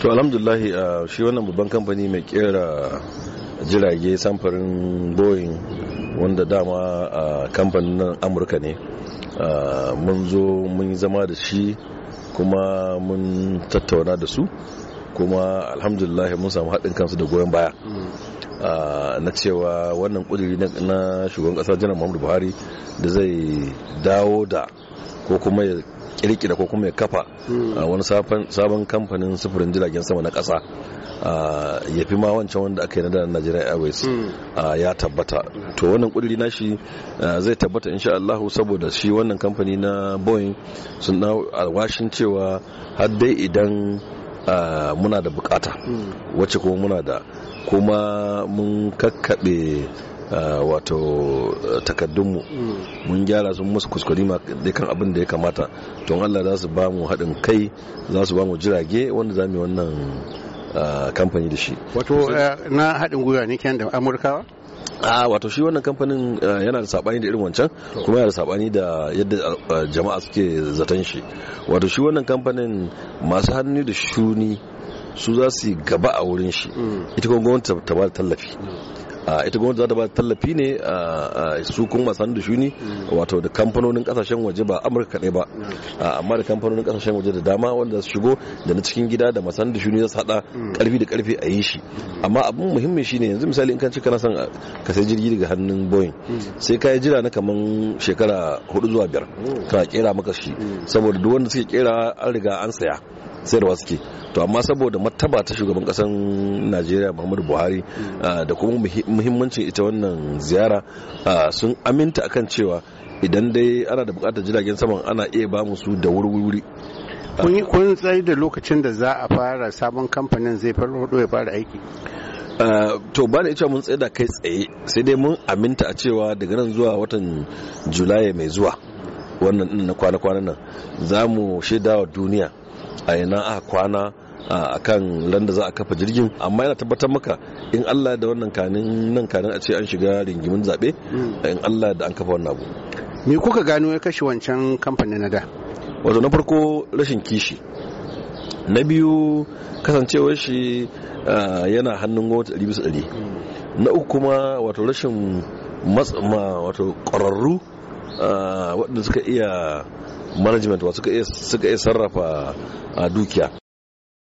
to alhamdulahi uh, shi wannan babban kamfani mai kera jirage samfurin boeing wanda dama a uh, kamfanin amurka ne uh, mun zo mun yi zama da shi kuma mun tattauna da su kuma alhamdulillah mun samu haɗin kansu da goyon baya mm. na cewa wannan ƙuduri na shugaban ƙasa janar muhammadu buhari da zai dawo da ko kuma ya kirkira ko kuma ya kafa hmm. ah, wani sabon kamfanin sufurin jiragen sama na kasa ah, ya fi ma wancan wanda aka yi na Najeriya Airways hmm. ah, ya tabbata to wannan kudiri na shi zai tabbata insha Allah saboda shi wannan kamfani na Boeing sun na alwashin cewa har dai idan muna da bukata hmm. wacce kuma muna da kuma mun kakkaɓe Eh, wato eh, takaddunmu mun gyara sun musu kuskuri ma kan abin da ya kamata to Allah za su ba mu haɗin kai za su ba mu jirage wanda za mu yi wannan eh, kamfani da shi wato na haɗin gwiwa ne kyan da amurkawa a wato shi wannan kamfanin yana da sabani da irin wancan kuma yana da sabani da yadda jama'a suke zaton shi wato shi wannan kamfanin masu hannu da shuni su za su yi gaba a wurin shi hmm. ita kuma gwamnati ta ba tallafi hmm. ita gwamnati za ta ba tallafi ne su kuma masu hannu da shuni hmm. wato da kamfanonin kasashen waje ba amurka kaɗai ba amma da kamfanonin kasashen waje da dama wanda su shigo da na cikin gida da masu hannu da shuni za su haɗa ƙarfi da ƙarfi a yi shi amma abin muhimmi ne yanzu misali in kan ci kana son ka sai jirgi daga hannun boeing sai ka yi jira na kaman shekara hudu zuwa biyar ka kera maka shi saboda duk wanda suke kera an riga an saya sayarwa suke to amma saboda martaba ta shugaban kasan najeriya muhammadu buhari mm. ah, da kuma muhimmancin ita wannan ziyara ah, sun aminta akan cewa idan dai ana da bukatar jiragen saman ana iya ba su da wuri-wuri kun yi kun tsaye da lokacin da za a fara sabon kamfanin zai farfado ya fara aiki ah, to ba da ita mun tsaye da kai tsaye sai dai mun aminta a cewa daga nan zuwa watan julaye mai zuwa wannan na kwana-kwanan nan za mu shaidawa duniya a ina a kwana a kan landa za a kafa jirgin amma yana tabbatar maka in Allah da wannan kanin nan kanin a ce an shiga ringimin zaɓe hmm. in Allah da an kafa wannan abu me kuka gano ya kashe wancan kamfanin na da wato na farko rashin kishi na biyu kasancewar shi yana hannun gwamnati ɗari bisa ɗari hmm. na uku kuma wato rashin matsama wato ƙwararru waɗanda suka iya management wa suka iya sarrafa dukiya